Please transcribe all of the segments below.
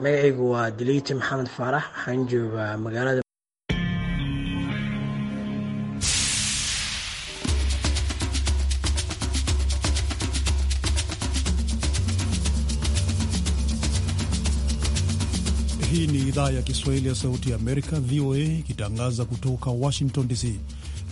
Magacaygu waa Dileyti Maxamed Faarax waxaan joogaa uh, magaalada. Hii ni idhaa ya Kiswahili ya Sauti ya Amerika, VOA, ikitangaza kutoka Washington DC.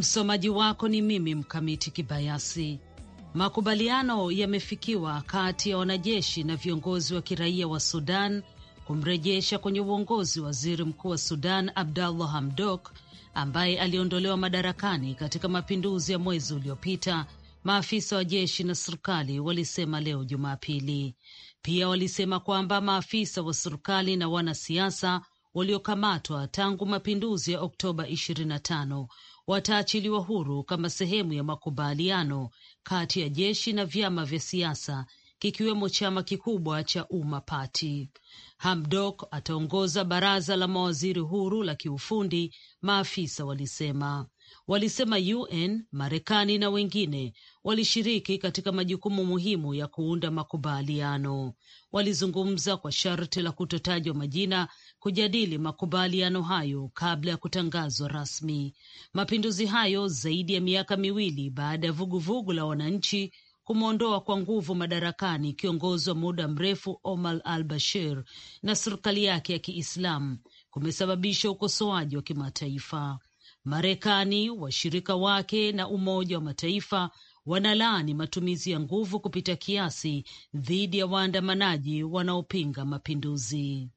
Msomaji wako ni mimi Mkamiti Kibayasi. Makubaliano yamefikiwa kati ya wanajeshi na viongozi wa kiraia wa Sudan kumrejesha kwenye uongozi waziri mkuu wa Sudan Abdallah Hamdok ambaye aliondolewa madarakani katika mapinduzi ya mwezi uliopita. Maafisa wa jeshi na serikali walisema leo Jumapili. Pia walisema kwamba maafisa wa serikali na wanasiasa waliokamatwa tangu mapinduzi ya Oktoba wataachiliwa huru kama sehemu ya makubaliano kati ya jeshi na vyama vya siasa kikiwemo chama kikubwa cha umma Party. Hamdok ataongoza baraza la mawaziri huru la kiufundi, maafisa walisema. Walisema UN, Marekani na wengine walishiriki katika majukumu muhimu ya kuunda makubaliano. Walizungumza kwa sharti la kutotajwa majina kujadili makubaliano hayo kabla ya kutangazwa rasmi. Mapinduzi hayo zaidi ya miaka miwili baada ya vuguvugu la wananchi kumwondoa kwa nguvu madarakani kiongozi wa muda mrefu Omar al-Bashir na serikali yake ya Kiislamu kumesababisha ukosoaji wa kimataifa. Marekani, washirika wake na Umoja wa Mataifa wanalaani matumizi ya nguvu kupita kiasi dhidi ya waandamanaji wanaopinga mapinduzi.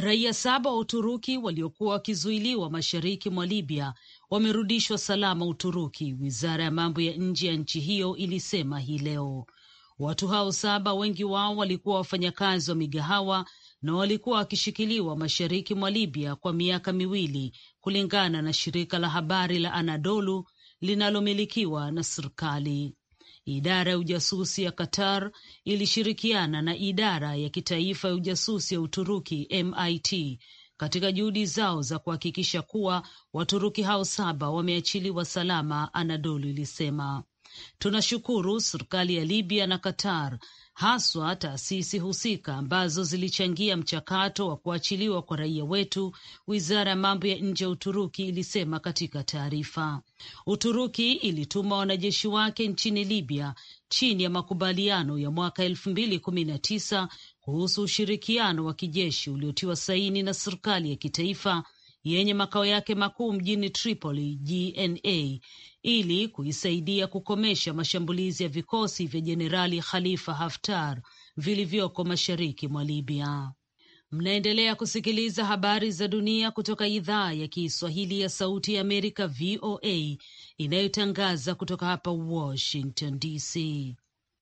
Raia saba wa Uturuki waliokuwa wakizuiliwa mashariki mwa Libya wamerudishwa salama Uturuki, wizara ya mambo ya nje ya nchi hiyo ilisema hii leo. Watu hao saba, wengi wao walikuwa wafanyakazi wa migahawa na walikuwa wakishikiliwa mashariki mwa Libya kwa miaka miwili, kulingana na shirika la habari la Anadolu linalomilikiwa na serikali. Idara ya ujasusi ya Qatar ilishirikiana na idara ya kitaifa ya ujasusi ya Uturuki MIT katika juhudi zao za kuhakikisha kuwa Waturuki hao saba wameachiliwa salama, Anadolu ilisema. Tunashukuru serikali ya Libya na Qatar, haswa taasisi husika ambazo zilichangia mchakato wa kuachiliwa kwa raia wetu, wizara ya mambo ya nje ya Uturuki ilisema katika taarifa. Uturuki ilituma wanajeshi wake nchini Libya chini ya makubaliano ya mwaka elfu mbili kumi na tisa kuhusu ushirikiano wa kijeshi uliotiwa saini na serikali ya kitaifa yenye makao yake makuu mjini Tripoli GNA ili kuisaidia kukomesha mashambulizi ya vikosi vya Jenerali Khalifa Haftar vilivyoko mashariki mwa Libya. Mnaendelea kusikiliza habari za dunia kutoka idhaa ya Kiswahili ya Sauti ya Amerika, VOA, inayotangaza kutoka hapa Washington DC.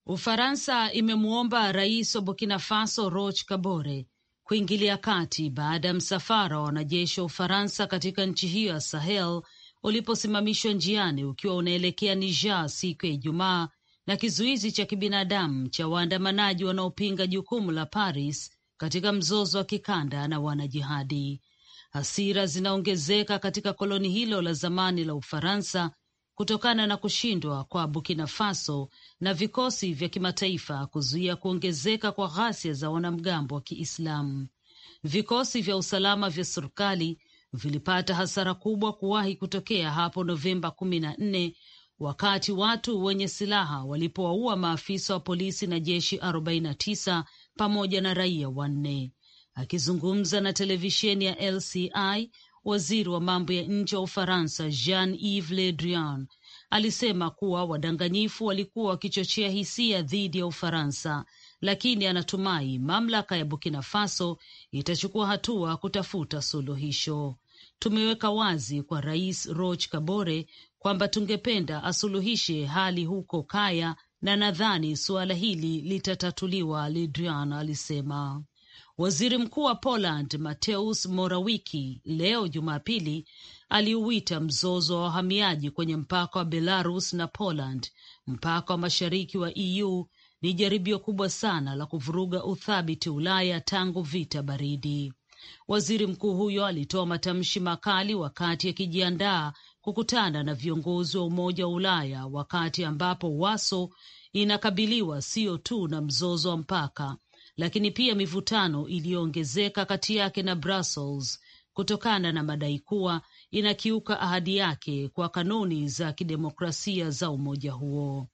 Ufaransa imemwomba rais wa Burkina Faso Roch Kabore kuingilia kati baada ya msafara wa wanajeshi wa Ufaransa katika nchi hiyo ya Sahel uliposimamishwa njiani ukiwa unaelekea Niger siku ya Ijumaa na kizuizi cha kibinadamu cha waandamanaji wanaopinga jukumu la Paris katika mzozo wa kikanda na wanajihadi. Hasira zinaongezeka katika koloni hilo la zamani la Ufaransa kutokana na kushindwa kwa Burkina Faso na vikosi vya kimataifa kuzuia kuongezeka kwa ghasia za wanamgambo wa Kiislamu. Vikosi vya usalama vya serikali vilipata hasara kubwa kuwahi kutokea hapo Novemba kumi na nne wakati watu wenye silaha walipowaua maafisa wa polisi na jeshi 49 pamoja na raia wanne. Akizungumza na televisheni ya LCI, Waziri wa mambo ya nje wa Ufaransa Jean-Yves Le Drian alisema kuwa wadanganyifu walikuwa wakichochea hisia dhidi ya Ufaransa, lakini anatumai mamlaka ya Burkina Faso itachukua hatua kutafuta suluhisho. Tumeweka wazi kwa Rais Roch Kabore kwamba tungependa asuluhishe hali huko Kaya na nadhani suala hili litatatuliwa, ledrian alisema. Waziri Mkuu wa Poland Mateusz Morawiecki leo Jumapili aliuita mzozo wa wahamiaji kwenye mpaka wa Belarus na Poland, mpaka wa mashariki wa EU, ni jaribio kubwa sana la kuvuruga uthabiti Ulaya tangu vita baridi. Waziri mkuu huyo alitoa matamshi makali wakati akijiandaa kukutana na viongozi wa Umoja wa Ulaya, wakati ambapo Waso inakabiliwa sio tu na mzozo wa mpaka lakini pia mivutano iliyoongezeka kati yake na Brussels kutokana na madai kuwa inakiuka ahadi yake kwa kanuni za kidemokrasia za umoja huo.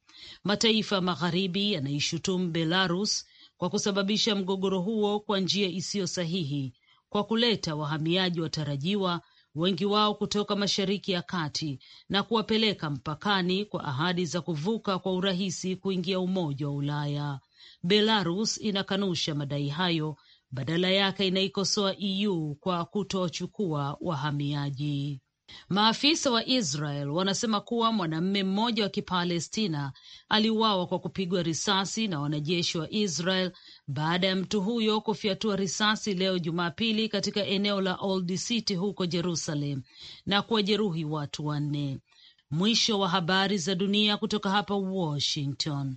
Mataifa magharibi yanaishutumu Belarus kwa kusababisha mgogoro huo kwa njia isiyo sahihi kwa kuleta wahamiaji watarajiwa wengi wao kutoka Mashariki ya Kati na kuwapeleka mpakani kwa ahadi za kuvuka kwa urahisi kuingia Umoja wa Ulaya. Belarus inakanusha madai hayo, badala yake inaikosoa EU kwa kutochukua wahamiaji. Maafisa wa Israel wanasema kuwa mwanamume mmoja wa Kipalestina aliuawa kwa kupigwa risasi na wanajeshi wa Israel baada ya mtu huyo kufyatua risasi leo Jumapili katika eneo la Old City huko Jerusalem na kuwajeruhi watu wanne. Mwisho wa habari za dunia kutoka hapa Washington.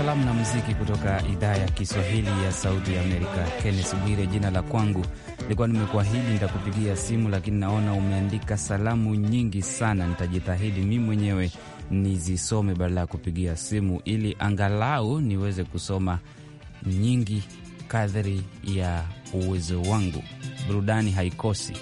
salamu na muziki kutoka idhaa ya Kiswahili ya Sauti ya Amerika. Kennes Bwire jina la kwangu, nilikuwa nimekuahidi nitakupigia simu, lakini naona umeandika salamu nyingi sana. Nitajitahidi mi mwenyewe nizisome badala ya kupigia simu, ili angalau niweze kusoma nyingi kadhiri ya uwezo wangu. Burudani haikosi.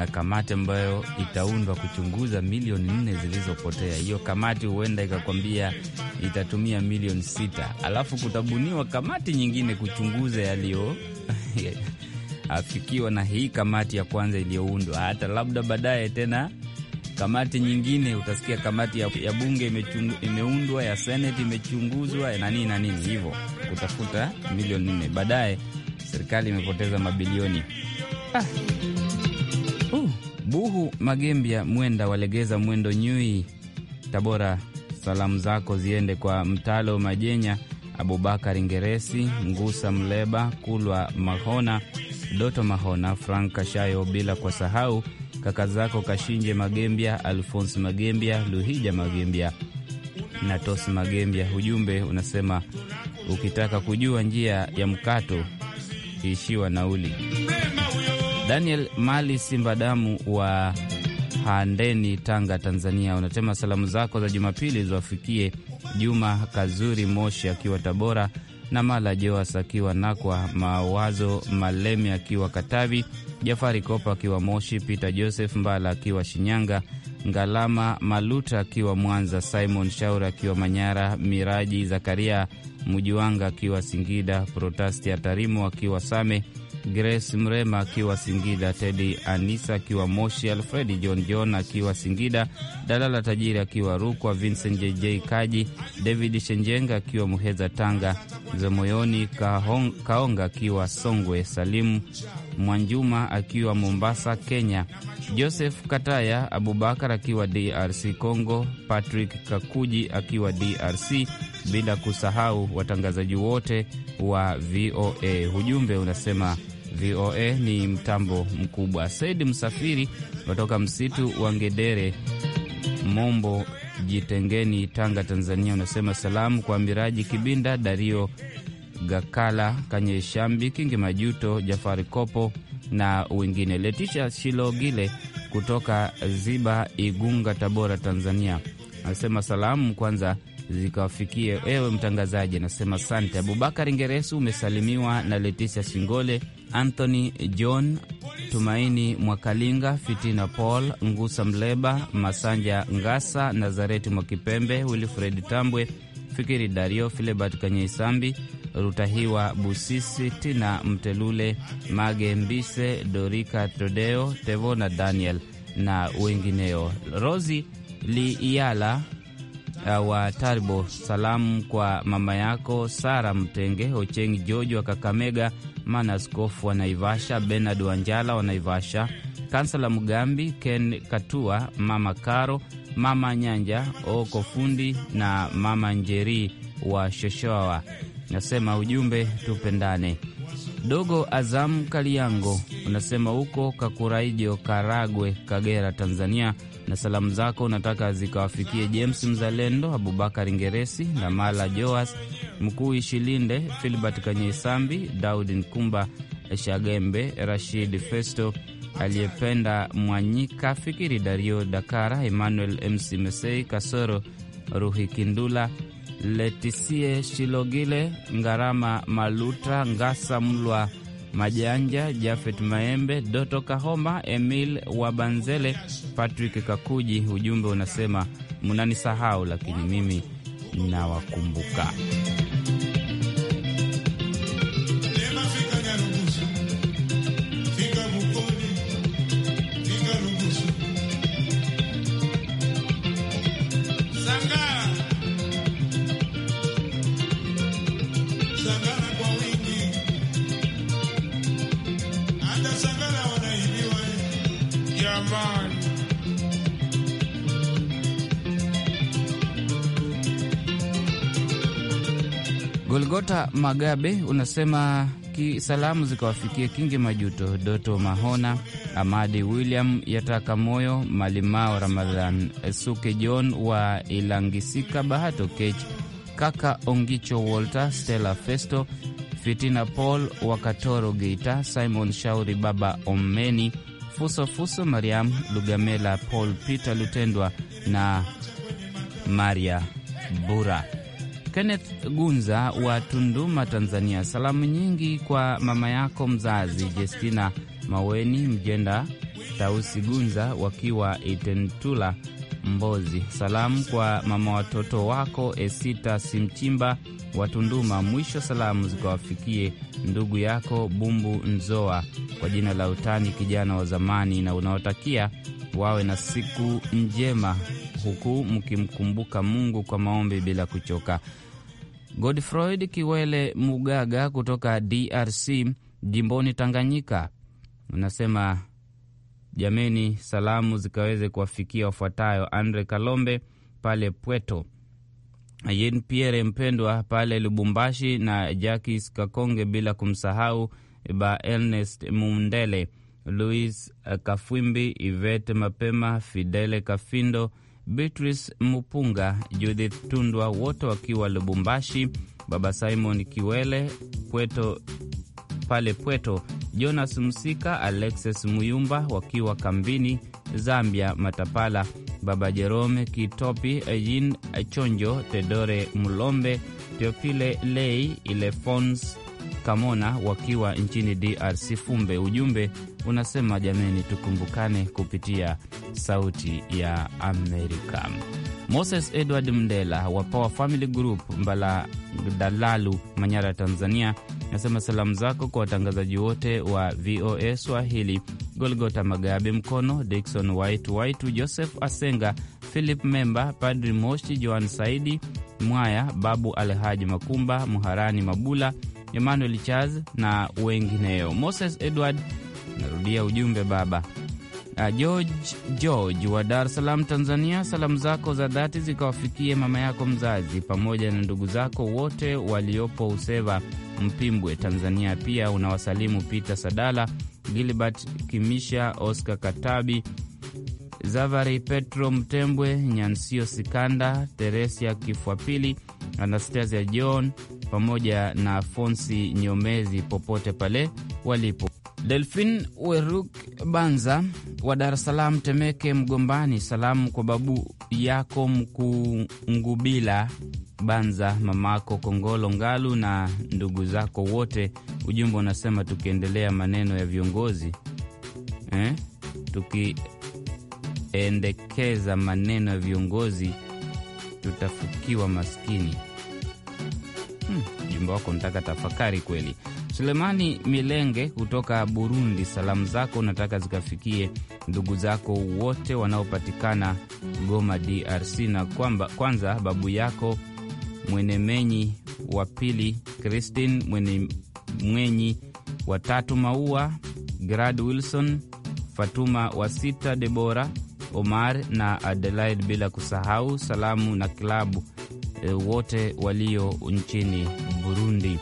kuna kamati ambayo itaundwa kuchunguza milioni nne zilizopotea. Hiyo kamati huenda ikakwambia itatumia milioni sita, alafu kutabuniwa kamati nyingine kuchunguza yaliyo afikiwa na hii kamati ya kwanza iliyoundwa. Hata labda baadaye tena kamati nyingine utasikia kamati ya, ya bunge imeundwa, ya seneti imechunguzwa na nini na nini, hivyo kutafuta milioni nne. Baadaye serikali imepoteza mabilioni ah. Buhu Magembya Mwenda Walegeza Mwendo Nyui Tabora, salamu zako ziende kwa Mtalo Majenya, Abubakar Ngeresi, Ngusa Mleba, Kulwa Mahona, Doto Mahona, Frank Kashayo, bila kwa sahau kaka zako Kashinje Magembya, Alfonsi Magembya, Luhija Magembya na Tosi Magembya. Ujumbe unasema ukitaka kujua njia ya mkato, ishiwa nauli. Daniel Mali Simbadamu wa Handeni, Tanga, Tanzania, unasema salamu zako za Jumapili ziwafikie Juma Kazuri Moshi akiwa Tabora, na Mala Joas akiwa Nakwa, Mawazo Malemi akiwa Katavi, Jafari Kopa akiwa Moshi, Peter Joseph Mbala akiwa Shinyanga, Ngalama Maluta akiwa Mwanza, Simon Shauri akiwa Manyara, Miraji Zakaria Mujuanga akiwa Singida, Protasti Atarimo akiwa Same Grace Mrema akiwa Singida, Tedi Anisa akiwa Moshi, Alfredi John John akiwa Singida, Dalala Tajiri akiwa Rukwa, Vincent JJ Kaji, David Shenjenga akiwa Muheza, Tanga, Zamoyoni Kaonga akiwa Songwe, Salimu Mwanjuma akiwa Mombasa, Kenya, Joseph Kataya Abubakar akiwa DRC Congo, Patrick Kakuji akiwa DRC, bila kusahau watangazaji wote wa VOA. Ujumbe unasema VOA ni mtambo mkubwa. Saidi Msafiri kutoka msitu wa Ngedere, Mombo Jitengeni, Tanga, Tanzania, unasema salamu kwa Miraji Kibinda, Dario Gakala Kanyeshambi, Kingi Majuto, Jafari Kopo na wengine. Letisha Shilogile kutoka Ziba, Igunga, Tabora, Tanzania anasema salamu kwanza zikawafikie ewe mtangazaji, anasema sante. Abubakar Ngeresu umesalimiwa na Letisha Singole, Anthony John, Tumaini Mwakalinga, Fitina Paul, Ngusa Mleba, Masanja Ngasa, Nazareti Mwakipembe, Wilfred Tambwe, Fikiri Dario, Filebert Kanyeisambi Rutahiwa Busisi, Tina Mtelule, Mage Mbise, Dorika Trodeo, Tevona Daniel na wengineo. Rosi Liiala uh, wa Taribo, salamu kwa mama yako Sara Mtenge, Ocheng Joji wa Kakamega, Manaskofu wa Naivasha, Benard Wanjala wa Naivasha, Kansala Mugambi, Ken Katua, Mama Karo, Mama Nyanja Oko Fundi na Mama Njeri wa Shoshoa Nasema ujumbe tupendane. Dogo Azam Kaliango unasema huko Kakuraijo, Karagwe, Kagera, Tanzania, na salamu zako unataka zikawafikie James Mzalendo, Abubakar Ngeresi na Mala Joas Mkuu Ishilinde, Filbert kanyeisambi Daudi Nkumba, Shagembe Rashid Festo aliyependa Mwanyika, Fikiri Dario Dakara, Emmanuel MC Mesei, Kasoro Ruhi Kindula Letisie Shilogile, Ngarama Maluta, Ngasa Mlwa Majanja, Jafet Maembe, Doto Kahoma, Emil Wabanzele, Patrick Kakuji. Ujumbe unasema mnanisahau, lakini mimi nawakumbuka. Golgota Magabe unasema salamu zikawafikia Kingi Majuto, Doto Mahona, Amadi William Yataka Moyo, Malimao Ramadhan, Suke John wa Ilangisika, Bahato Kech, Kaka Ongicho, Walter Stella, Festo Fitina, Paul Wakatoro Geita, Simon Shauri, Baba Omeni, Fuso Fuso, Mariam Lugamela, Paul Peter Lutendwa na Maria Bura. Kenneth Gunza wa Tunduma, Tanzania. Salamu nyingi kwa mama yako mzazi Jestina Maweni Mjenda, Tausi Gunza wakiwa Itentula, Mbozi. Salamu kwa mama watoto wako Esita Simchimba wa Tunduma. Mwisho salamu zikawafikie ndugu yako Bumbu Nzoa kwa jina la utani, kijana wa zamani, na unaotakia wawe na siku njema huku mkimkumbuka Mungu kwa maombi bila kuchoka. Godfroid Kiwele Mugaga kutoka DRC jimboni Tanganyika unasema jameni, salamu zikaweze kuwafikia wafuatayo: Andre Kalombe pale Pweto, Yen Pierre Mpendwa pale Lubumbashi na Jakis Kakonge, bila kumsahau ba Ernest Mundele, Louis Kafwimbi, Ivete Mapema, Fidele Kafindo Beatrice Mupunga, Judith Tundwa, wote wakiwa Lubumbashi, Baba Simon Kiwele Pweto pale Pweto, Jonas Msika, Alexis Muyumba wakiwa kambini Zambia, Matapala, Baba Jerome Kitopi, Ejin Chonjo, Tedore Mulombe, Teofile Lei, Ilefons Kamona wakiwa nchini DRC Fumbe. Ujumbe unasema jameni, tukumbukane kupitia Sauti ya Amerika. Moses Edward Mndela wa Power Family Group Mbala Dalalu, Manyara, Tanzania, nasema salamu zako kwa watangazaji wote wa VOA Swahili, Golgota Magabe Mkono, Dikson White White, Joseph Asenga, Philip Memba, Padri Moshi, Joan Saidi Mwaya, Babu Alhaji Makumba, Muharani Mabula, Emmanuel Charles na wengineo. Moses Edward Narudia ujumbe baba. Ah, George George wa Dar es Salaam, Tanzania, salamu zako za dhati zikawafikie mama yako mzazi pamoja na ndugu zako wote waliopo Useva, Mpimbwe, Tanzania. Pia unawasalimu Peter Sadala, Gilbert Kimisha, Oscar Katabi, Zavari Petro Mtembwe, Nyansio Sikanda, Teresia Kifwapili, Anastasia John pamoja na Fonsi Nyomezi, popote pale walipo. Delphin Weruk Banza wa Dar es Salaam, Temeke Mgombani, salamu kwa babu yako Mkungubila Banza, mamako Kongolo Ngalu na ndugu zako wote. Ujumbe unasema tukiendelea maneno ya viongozi eh, tukiendekeza maneno ya viongozi tutafukiwa maskini. Hmm, ujumbe wako nataka tafakari kweli. Sulemani Milenge kutoka Burundi, salamu zako unataka zikafikie ndugu zako wote wanaopatikana Goma, DRC, na kwamba kwanza babu yako Mwenemenyi, wa pili Christine Mwenemwenyi, wa tatu Maua Grad Wilson, Fatuma wa sita Debora Omar na Adelaide, bila kusahau salamu na klabu e, wote walio nchini Burundi.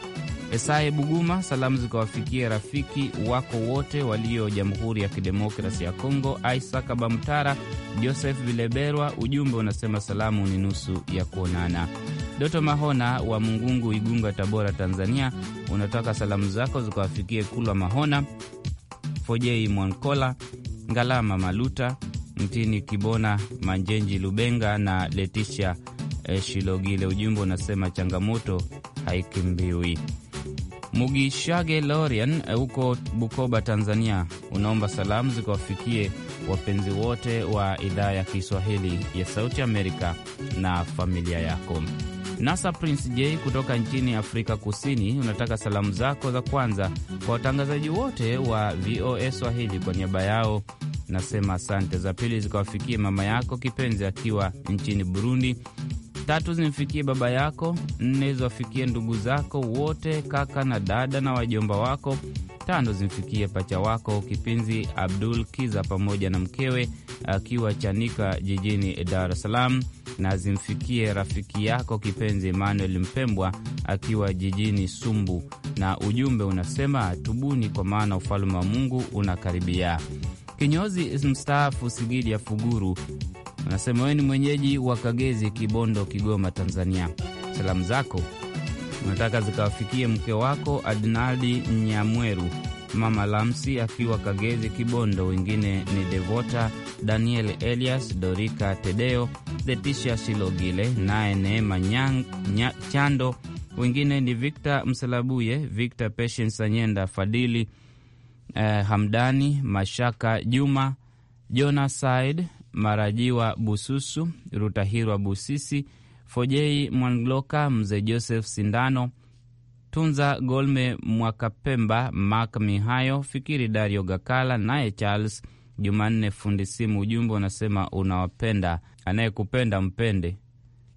Esae Buguma, salamu zikawafikia rafiki wako wote walio Jamhuri ya Kidemokrasi ya Kongo, Isaac Bamtara, Joseph Vileberwa. Ujumbe unasema salamu ni nusu ya kuonana. Doto Mahona wa Mungungu, Igunga, Tabora, Tanzania, unataka salamu zako zikawafikie Kulwa Mahona, Fojei Mwankola, Ngalama Maluta, Mtini Kibona, Manjenji Lubenga na Letisha eh, Shilogile. Ujumbe unasema changamoto haikimbiwi. Mugishage Lorian eh, huko Bukoba, Tanzania, unaomba salamu zikawafikie wapenzi wote wa idhaa ya Kiswahili ya Sauti Amerika na familia yako. Nasa Prince J kutoka nchini Afrika Kusini unataka salamu zako za kwanza kwa watangazaji wote wa VOA Swahili, kwa niaba yao nasema asante. Za pili zikawafikie mama yako kipenzi akiwa nchini Burundi, tatu zimfikie baba yako, nne ziwafikie ndugu zako wote, kaka na dada na wajomba wako, tano zimfikie pacha wako kipenzi Abdul Kiza pamoja na mkewe akiwa Chanika jijini Dar es Salaam, na zimfikie rafiki yako kipenzi Emmanuel Mpembwa akiwa jijini Sumbu, na ujumbe unasema tubuni, kwa maana ufalme wa Mungu unakaribia. Kinyozi mstaafu Sigidi ya Fuguru anasema wewe ni mwenyeji wa Kagezi, Kibondo, Kigoma, Tanzania. Salamu zako unataka zikawafikie mke wako Adinaldi Nyamweru, mama Lamsi akiwa Kagezi, Kibondo. Wengine ni Devota Daniel, Elias Dorika, Tedeo Zetisha Shilogile, naye Neema Chando. Wengine ni Victor Msalabuye, Victor Patience Anyenda, Fadili eh, Hamdani Mashaka, Juma Jonas Said Marajiwa Bususu, Rutahirwa Busisi, Fojei Mwangloka, Mzee Joseph Sindano, Tunza Golme Mwakapemba, Mak Mihayo, Fikiri Dario Gakala, naye Charles Jumanne Fundi Simu. Ujumbe unasema unawapenda, anayekupenda mpende,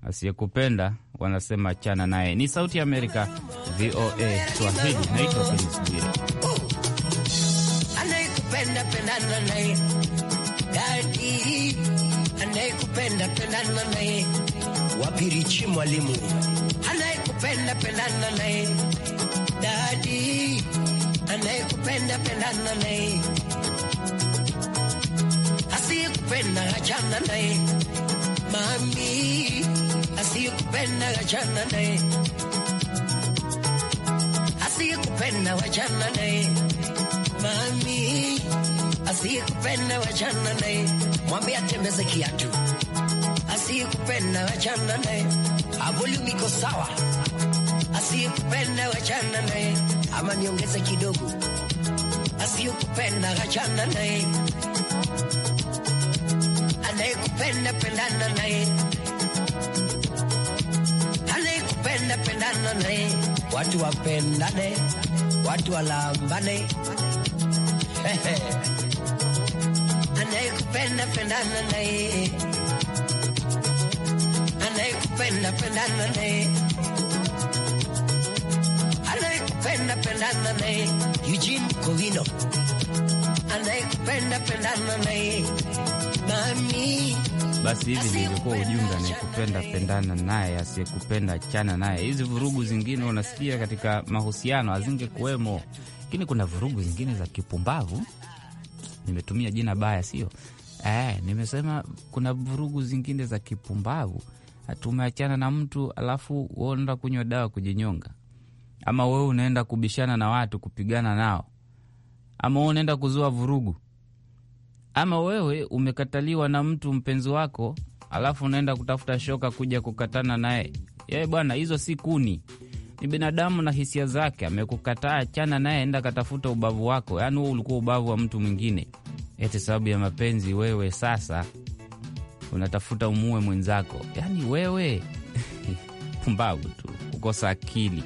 asiyekupenda wanasema chana naye. Ni Sauti ya Amerika, VOA Swahili. Naitwa Kenisbiri dhati, anayekupenda pendana naye. Wapirichi mwalimu, anayekupenda pendana naye dhati, anayekupenda pendana naye, asiyekupenda achana naye. Mami, asiyekupenda achana naye, asiyekupenda wachana naye mami asiyekupenda wachana naye, mwambie atembeze kiatu. Asiyekupenda wachana naye, avolumi iko sawa. Asiyekupenda wachana naye, ama niongeze kidogo. Asiyekupenda wachana naye, anayekupenda pendana naye, anayekupenda pendana naye, watu wapendane, watu walambane anayekupenda pendana naye, anayekupenda pendana naye, anayekupenda pendana naye, Eugene Kovino anayekupenda pendana naye basi hivi ndivyo ilikuwa ujumbe, anayekupenda pendana naye, asiyekupenda chana naye. Hizi vurugu zingine unasikia katika mahusiano hazingekuwemo, lakini kuna vurugu zingine za kipumbavu nimetumia jina baya, sio eh? Nimesema kuna vurugu zingine za kipumbavu, ah, tumeachana na mtu alafu unaenda kunywa dawa kujinyonga, ama wewe unaenda kubishana na watu kupigana nao, ama wewe unaenda kuzua vurugu, ama wewe umekataliwa na mtu mpenzi wako, alafu unaenda kutafuta shoka kuja kukatana naye. Yeye eh, bwana, hizo si kuni ni binadamu na hisia zake. Amekukataa, achana naye, enda katafuta ubavu wako. Yaani huo ulikuwa ubavu wa mtu mwingine eti sababu ya mapenzi wewe sasa unatafuta umue mwenzako. Yaani wewe pumbavu tu, kukosa akili.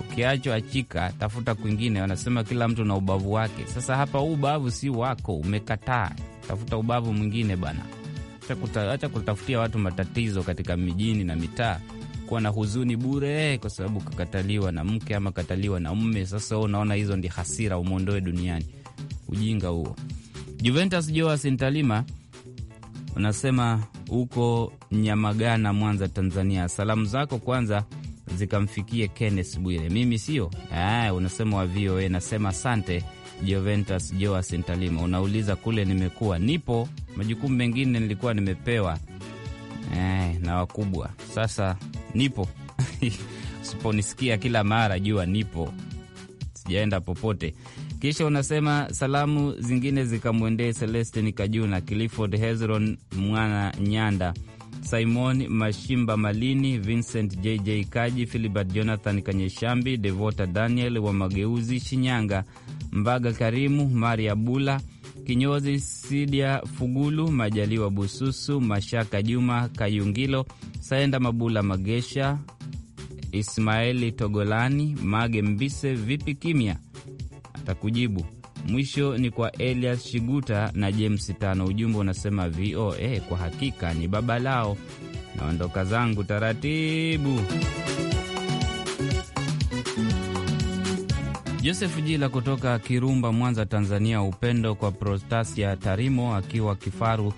ukiacho achika, tafuta kwingine. Wanasema kila mtu na ubavu wake. Sasa hapa huu ubavu si wako, umekataa. Tafuta ubavu mwingine bana. Acha kutafutia watu matatizo katika mijini na mitaa, kuwa na huzuni bure kwa sababu kakataliwa na mke ama kataliwa na mme. Sasa unaona, hizo ndi hasira, umwondoe duniani. Ujinga huo. Juventus Joas Ntalima unasema huko Nyamagana, Mwanza, Tanzania. Salamu zako kwanza zikamfikie Kenneth Bwire, mimi sio ah, unasema wa VOA. Nasema asante Juventus Joas Ntalima, unauliza kule nimekuwa, nipo majukumu mengine nilikuwa nimepewa eh, na wakubwa, sasa nipo usiponisikia kila mara jua nipo, sijaenda popote. Kisha unasema salamu zingine zikamwendee Celestin Kajuna, Clifford Hezron Mwana Nyanda, Simon Mashimba Malini, Vincent JJ Kaji, Filibert Jonathan Kanyeshambi, Devota Daniel wa Mageuzi Shinyanga, Mbaga Karimu, Maria Bula Kinyozi, Sidia Fugulu, Majaliwa Bususu, Mashaka Juma Kayungilo, Saenda Mabula Magesha, Ismaeli Togolani, Mage Mbise, Vipi Kimya takujibu Mwisho ni kwa Elias Shiguta na James Tano. Ujumbe unasema VOA kwa hakika ni baba lao, naondoka zangu taratibu. Joseph Jila kutoka Kirumba, Mwanza, Tanzania. Upendo kwa Prostasia Tarimo akiwa Kifaru,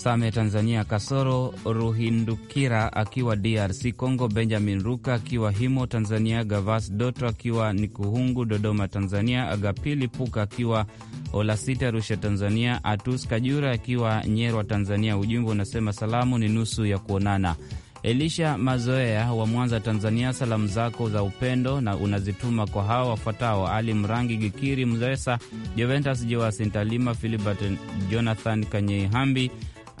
Same Tanzania, Kasoro Ruhindukira akiwa DRC Congo, Benjamin Ruka akiwa Himo Tanzania, Gavas Doto akiwa Nikuhungu Dodoma Tanzania, Agapili Puka akiwa Olasita Arusha Tanzania, Atus Kajura akiwa Nyerwa Tanzania. Ujumbe unasema salamu ni nusu ya kuonana. Elisha Mazoea wa Mwanza Tanzania, salamu zako za upendo na unazituma kwa hawa wafuatao: Ali Mrangi, Gikiri Mzesa, Joventus Joasintalima, Filibert Jonathan Kanyeihambi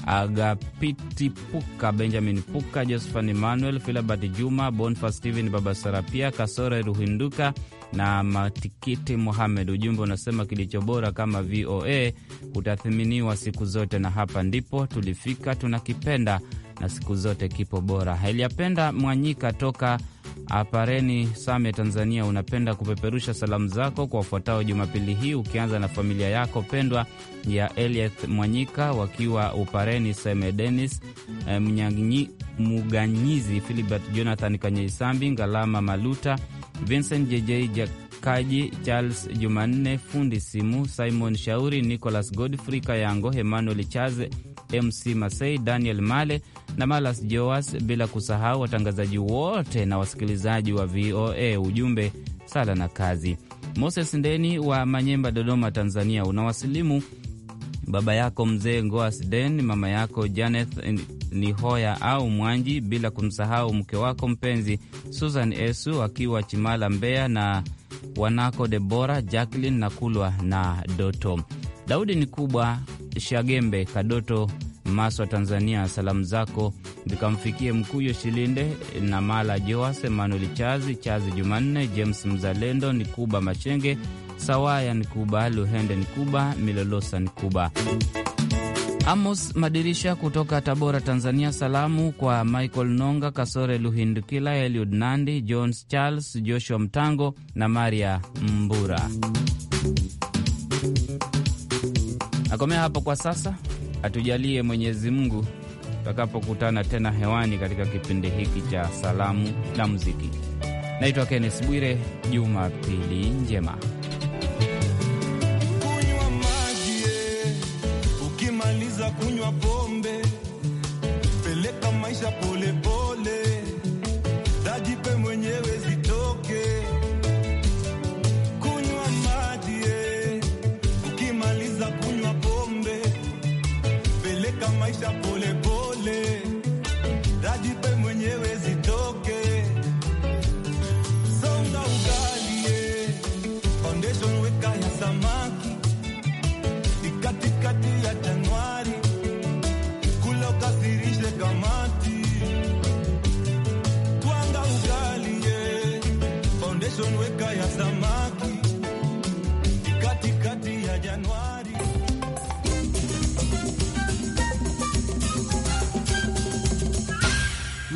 Agapiti Puka, Benjamin Puka, Josephan Emmanuel, Filabert Juma, Bonfa Steven, Baba Sarapia, Kasore Ruhinduka na Matikiti Mohamed. Ujumbe unasema kilicho bora kama VOA hutathiminiwa siku zote, na hapa ndipo tulifika, tunakipenda na siku zote kipo bora. Heliyapenda Mwanyika toka Apareni Same Tanzania, unapenda kupeperusha salamu zako kwa wafuatao Jumapili hii ukianza na familia yako pendwa ya Elieth Mwanyika wakiwa Upareni Same, Denis eh, Muganyizi, Filibert Jonathan Kanyeisambi, Ngalama Maluta, Vincent JJ Kaji, Charles Jumanne, fundi simu Simon Shauri, Nicholas Godfrey Kayango, Emmanuel Chaze, MC Masei, Daniel Male na Malas Joas, bila kusahau watangazaji wote na wasikilizaji wa VOA. Ujumbe sala na kazi. Moses Ndeni wa Manyemba, Dodoma, Tanzania, unawasilimu baba yako mzee Ngoas Den, mama yako Janeth ni Hoya au Mwanji, bila kumsahau mke wako mpenzi Susan Esu akiwa Chimala, Mbeya, na wanako Debora, Jacqueline kulwa na Doto Daudi ni kubwa Shagembe Kadoto Maswa, Tanzania. Salamu zako zikamfikie Mkuyo Shilinde na Mala Joas, Emanuel Chazi Chazi, Jumanne James Mzalendo, Nikuba Machenge Sawaya, Nikuba Luhende, Nikuba Milolosa, Nikuba Amos Madirisha kutoka Tabora, Tanzania. Salamu kwa Michael Nonga, Kasore Luhindukila, Eliud Nandi, Jones Charles, Joshua Mtango na Maria Mbura. Nakomea hapo kwa sasa, atujalie Mwenyezi Mungu tutakapokutana tena hewani katika kipindi hiki cha salamu na muziki. Naitwa Kennes Bwire. Jumapili njema. I'm a boy.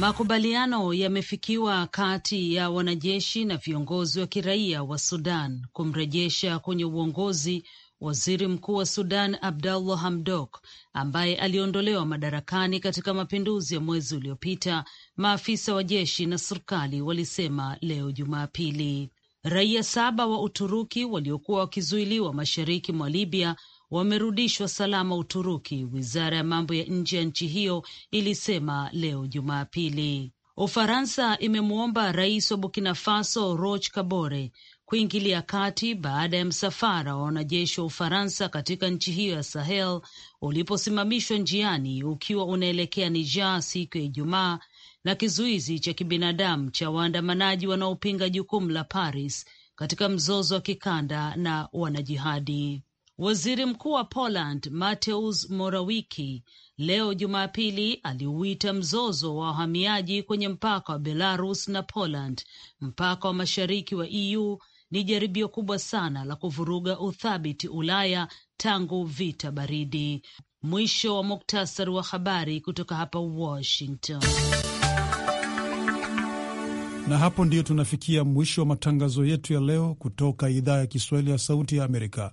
Makubaliano yamefikiwa kati ya wanajeshi na viongozi wa kiraia wa Sudan kumrejesha kwenye uongozi waziri mkuu wa Sudan Abdallah Hamdok ambaye aliondolewa madarakani katika mapinduzi ya mwezi uliopita, maafisa wa jeshi na serikali walisema leo Jumapili. Raia saba wa Uturuki waliokuwa wakizuiliwa mashariki mwa Libya wamerudishwa salama Uturuki, wizara ya mambo ya nje ya nchi hiyo ilisema leo Jumapili. Ufaransa imemwomba rais wa Burkina Faso Roch Kabore kuingilia kati baada ya msafara wa wanajeshi wa Ufaransa katika nchi hiyo ya Sahel uliposimamishwa njiani ukiwa unaelekea Niger siku ya Ijumaa na kizuizi cha kibinadamu cha waandamanaji wanaopinga jukumu la Paris katika mzozo wa kikanda na wanajihadi. Waziri Mkuu wa Poland Mateusz Morawiecki leo Jumapili aliuita mzozo wa wahamiaji kwenye mpaka wa Belarus na Poland, mpaka wa mashariki wa EU, ni jaribio kubwa sana la kuvuruga uthabiti Ulaya tangu vita baridi. Mwisho wa muktasari wa habari kutoka hapa Washington. Na hapo ndiyo tunafikia mwisho wa matangazo yetu ya leo kutoka idhaa ya Kiswahili ya Sauti ya Amerika.